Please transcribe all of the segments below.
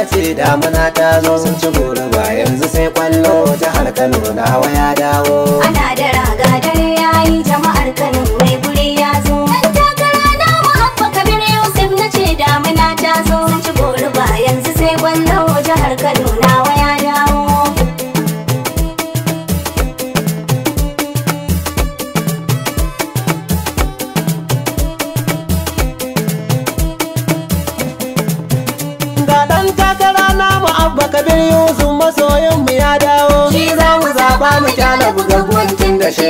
na ce damuna ta zo sun ci goro ba yanzu sai kwallo jihar Kano na waya dawo. Ana da raga dare yayi jama'ar Kano mai guri ya zo. Kan takara na Muhabba Kabir Yusuf na ce damuna ta zo sun ci goro ba yanzu sai kwallo jihar Kano na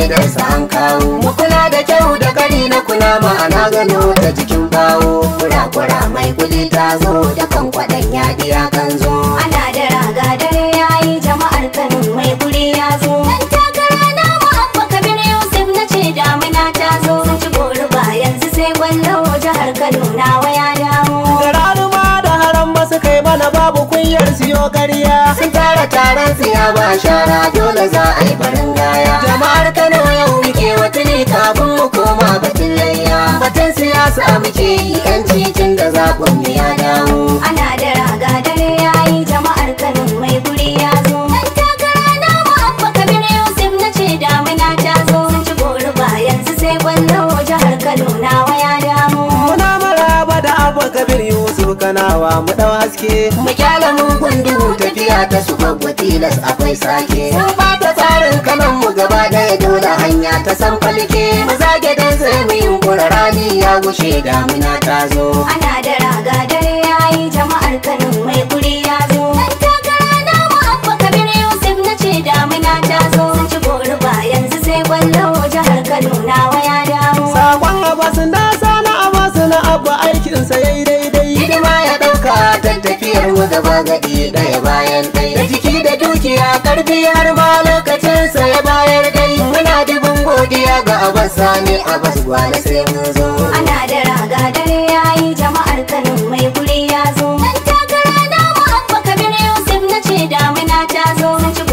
daidansa an kawo mu kula da kyau da kari na kula ma'ana gano da jikin bawo kura-kura mai kuli ta zo da kan kwaɗan yaɗi ya kan zo ana da raga dare yayi jama'ar kano mai kuri ya zo dan takara na mu abba kabir yusuf na ce damina ta zo sun ci gori ba yanzu sai gwallo jihar kano na waya dawo gararuma da haram ba kai mana babu kunyar siyo karya sun tara taron siya ba shara dole ce yanci tun da zaɓin mu ya dawo. Ana da raga dare yayi jama'ar Kano mai guri ya zo. Dan takara na mu abba Kabir Yusuf na ce damina ta zo. Sun ci gori yanzu sai kwallo jihar Kano nawa ya damu. Muna maraba da abba Kabir Yusuf Kanawa mu ɗau haske. Mu kyala mun gundu tafiya ta su babba tilas akwai sake. Sun ba ta tsarin kanon mu gaba ɗaya dole hanya ta san falke. Mu zage dan sai mu yi ku shaida muna tazo ana da raga dare yayi jama'ar Kano mai guri ya zo dan takara na mu abba kabir Yusuf na ce da muna tazo. sun ci gori ba yanzu sai kwallo jihar Kano na waya dawo sakon Abbas na sana Abbas na abba aikin sa yayi daidai hidima ya dauka ta tafiyar mu gaba gadi daya bayan daya da jiki da dukiya karfi har ma lokacin sa ya bayar dai muna dubin godiya ga Abbas Sani Abbas sai mun zo